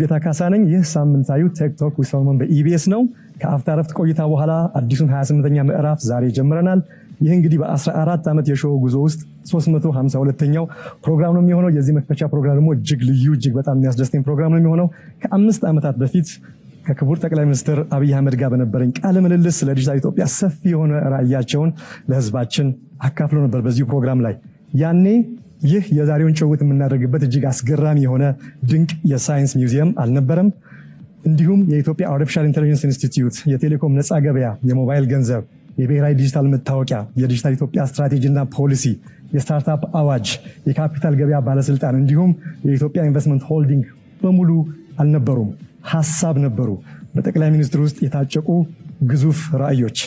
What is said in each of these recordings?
ጌታ ካሳ ነኝ። ይህ ሳምንታዊ ቴክቶክ ዊዝ በኢቢኤስ ነው። ከአፍታ ረፍት ቆይታ በኋላ አዲሱን 28ኛ ምዕራፍ ዛሬ ጀምረናል። ይህ እንግዲህ በ14 ዓመት የሾው ጉዞ ውስጥ 352ኛው ፕሮግራም ነው የሚሆነው። የዚህ መክፈቻ ፕሮግራም ደግሞ እጅግ ልዩ፣ እጅግ በጣም የሚያስደስተኝ ፕሮግራም ነው የሚሆነው። ከአምስት ዓመታት በፊት ከክቡር ጠቅላይ ሚኒስትር አብይ አህመድ ጋር በነበረኝ ቃለ ምልልስ ስለ ዲጂታል ኢትዮጵያ ሰፊ የሆነ ራዕያቸውን ለህዝባችን አካፍሎ ነበር በዚሁ ፕሮግራም ላይ ያኔ ይህ የዛሬውን ጭውውት የምናደርግበት እጅግ አስገራሚ የሆነ ድንቅ የሳይንስ ሚውዚየም አልነበረም። እንዲሁም የኢትዮጵያ አርቲፊሻል ኢንቴሊጀንስ ኢንስቲትዩት፣ የቴሌኮም ነፃ ገበያ፣ የሞባይል ገንዘብ፣ የብሔራዊ ዲጂታል መታወቂያ፣ የዲጂታል ኢትዮጵያ ስትራቴጂና ፖሊሲ፣ የስታርታፕ አዋጅ፣ የካፒታል ገበያ ባለስልጣን እንዲሁም የኢትዮጵያ ኢንቨስትመንት ሆልዲንግ በሙሉ አልነበሩም፣ ሀሳብ ነበሩ። በጠቅላይ ሚኒስትር ውስጥ የታጨቁ ግዙፍ ራዕዮች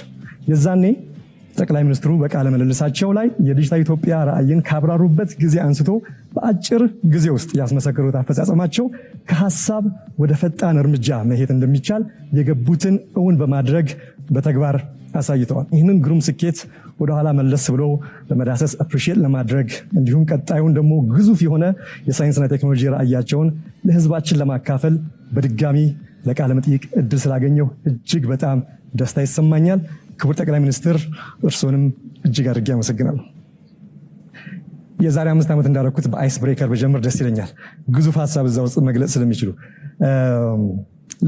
የዛኔ ጠቅላይ ሚኒስትሩ በቃለ ምልልሳቸው ላይ የዲጂታል ኢትዮጵያ ራዕይን ካብራሩበት ጊዜ አንስቶ በአጭር ጊዜ ውስጥ ያስመሰከሩት አፈጻጸማቸው ከሀሳብ ወደ ፈጣን እርምጃ መሄድ እንደሚቻል የገቡትን እውን በማድረግ በተግባር አሳይተዋል። ይህንን ግሩም ስኬት ወደኋላ መለስ ብሎ ለመዳሰስ አፕሪሺየት ለማድረግ እንዲሁም ቀጣዩን ደግሞ ግዙፍ የሆነ የሳይንስና ቴክኖሎጂ ራዕያቸውን ለሕዝባችን ለማካፈል በድጋሚ ለቃለ መጠይቅ እድል ስላገኘው እጅግ በጣም ደስታ ይሰማኛል። ክቡር ጠቅላይ ሚኒስትር እርስዎንም እጅግ አድርጌ አመሰግናለሁ። የዛሬ አምስት ዓመት እንዳደረኩት በአይስ ብሬከር በጀምር ደስ ይለኛል። ግዙፍ ሀሳብ እዛ ውስጥ መግለጽ ስለሚችሉ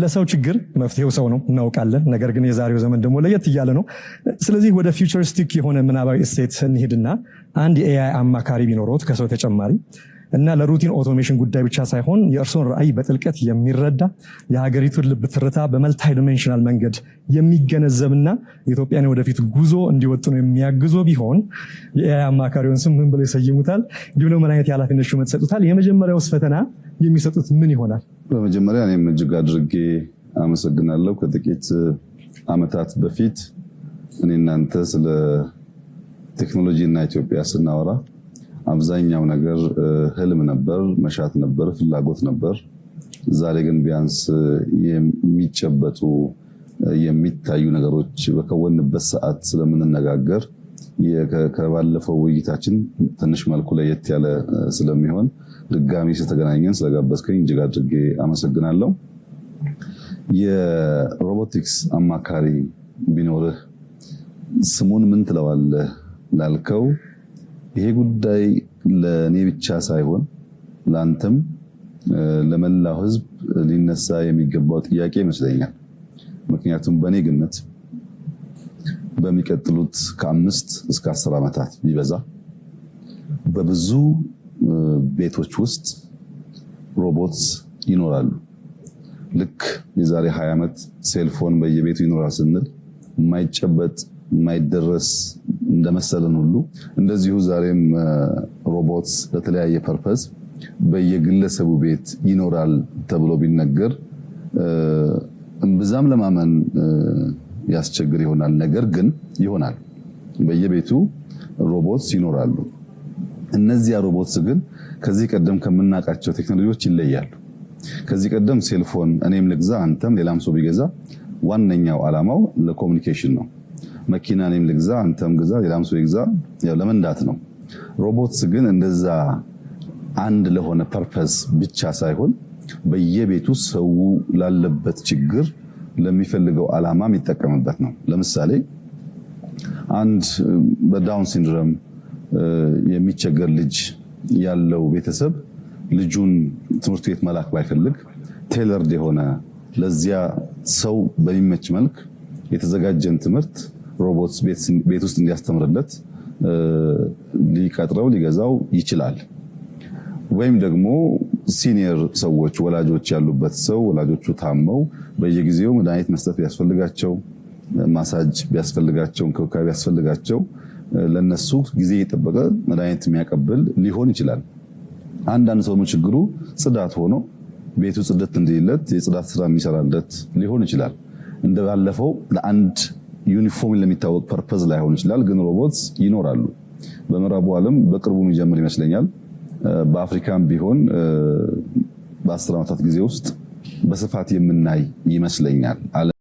ለሰው ችግር መፍትሄው ሰው ነው እናውቃለን። ነገር ግን የዛሬው ዘመን ደግሞ ለየት እያለ ነው። ስለዚህ ወደ ፊውቸሪስቲክ የሆነ ምናባዊ እሴት እንሂድና አንድ የኤአይ አማካሪ ቢኖረውት ከሰው ተጨማሪ እና ለሩቲን ኦቶሜሽን ጉዳይ ብቻ ሳይሆን የእርስዎን ራዕይ በጥልቀት የሚረዳ የሀገሪቱን ልብ ትርታ በመልታይ ዲሜንሽናል መንገድ የሚገነዘብና የኢትዮጵያን ወደፊት ጉዞ እንዲወጥኑ የሚያግዞ ቢሆን የኤአይ አማካሪውን ስም ምን ብለው ይሰይሙታል? እንዲሁም ምን አይነት የኃላፊነት ሹመት ይሰጡታል? የመጀመሪያውስ ፈተና የሚሰጡት ምን ይሆናል? በመጀመሪያ እኔም እጅግ አድርጌ አመሰግናለሁ። ከጥቂት ዓመታት በፊት እኔ እናንተ ስለ ቴክኖሎጂ እና ኢትዮጵያ ስናወራ አብዛኛው ነገር ህልም ነበር፣ መሻት ነበር፣ ፍላጎት ነበር። ዛሬ ግን ቢያንስ የሚጨበጡ የሚታዩ ነገሮች በከወንበት ሰዓት ስለምንነጋገር ከባለፈው ውይይታችን ትንሽ መልኩ ለየት ያለ ስለሚሆን ድጋሚ ስለተገናኘን ስለጋበዝከኝ እጅግ አድርጌ አመሰግናለሁ። የሮቦቲክስ አማካሪ ቢኖርህ ስሙን ምን ትለዋለህ ላልከው ይሄ ጉዳይ ለእኔ ብቻ ሳይሆን ለአንተም ለመላው ህዝብ ሊነሳ የሚገባው ጥያቄ ይመስለኛል። ምክንያቱም በእኔ ግምት በሚቀጥሉት ከአምስት እስከ አስር ዓመታት ቢበዛ በብዙ ቤቶች ውስጥ ሮቦት ይኖራሉ። ልክ የዛሬ 20 ዓመት ሴልፎን በየቤቱ ይኖራል ስንል የማይጨበጥ የማይደረስ እንደመሰለን ሁሉ እንደዚሁ ዛሬም ሮቦትስ ለተለያየ ፐርፐዝ በየግለሰቡ ቤት ይኖራል ተብሎ ቢነገር እምብዛም ለማመን ያስቸግር ይሆናል። ነገር ግን ይሆናል። በየቤቱ ሮቦትስ ይኖራሉ። እነዚያ ሮቦትስ ግን ከዚህ ቀደም ከምናውቃቸው ቴክኖሎጂዎች ይለያሉ። ከዚህ ቀደም ሴልፎን እኔም ልግዛ አንተም ሌላም ሰው ቢገዛ ዋነኛው ዓላማው ለኮሚኒኬሽን ነው። መኪና እኔም ልግዛ፣ አንተም ግዛ፣ ሌላም ሰው ይግዛ፣ ያው ለመንዳት ነው። ሮቦትስ ግን እንደዛ አንድ ለሆነ ፐርፐስ ብቻ ሳይሆን በየቤቱ ሰው ላለበት ችግር ለሚፈልገው አላማ የሚጠቀምበት ነው። ለምሳሌ አንድ በዳውን ሲንድረም የሚቸገር ልጅ ያለው ቤተሰብ ልጁን ትምህርት ቤት መላክ ባይፈልግ ቴለርድ የሆነ ለዚያ ሰው በሚመች መልክ የተዘጋጀን ትምህርት ሮቦትስ ቤት ውስጥ እንዲያስተምርለት ሊቀጥረው ሊገዛው ይችላል። ወይም ደግሞ ሲኒየር ሰዎች ወላጆች ያሉበት ሰው ወላጆቹ ታመው በየጊዜው መድኃኒት መስጠት ቢያስፈልጋቸው፣ ማሳጅ ቢያስፈልጋቸው፣ እንክብካቤ ቢያስፈልጋቸው ለነሱ ጊዜ የጠበቀ መድኃኒት የሚያቀብል ሊሆን ይችላል። አንዳንድ ሰው ችግሩ ጽዳት ሆኖ ቤቱ ጽድት እንዲለት የጽዳት ስራ የሚሰራለት ሊሆን ይችላል። እንደባለፈው ለአንድ ዩኒፎርም ለሚታወቅ ፐርፐዝ ላይሆን ይችላል፣ ግን ሮቦትስ ይኖራሉ። በምዕራቡ ዓለም በቅርቡ የሚጀምር ይመስለኛል። በአፍሪካም ቢሆን በአስር ዓመታት ጊዜ ውስጥ በስፋት የምናይ ይመስለኛል።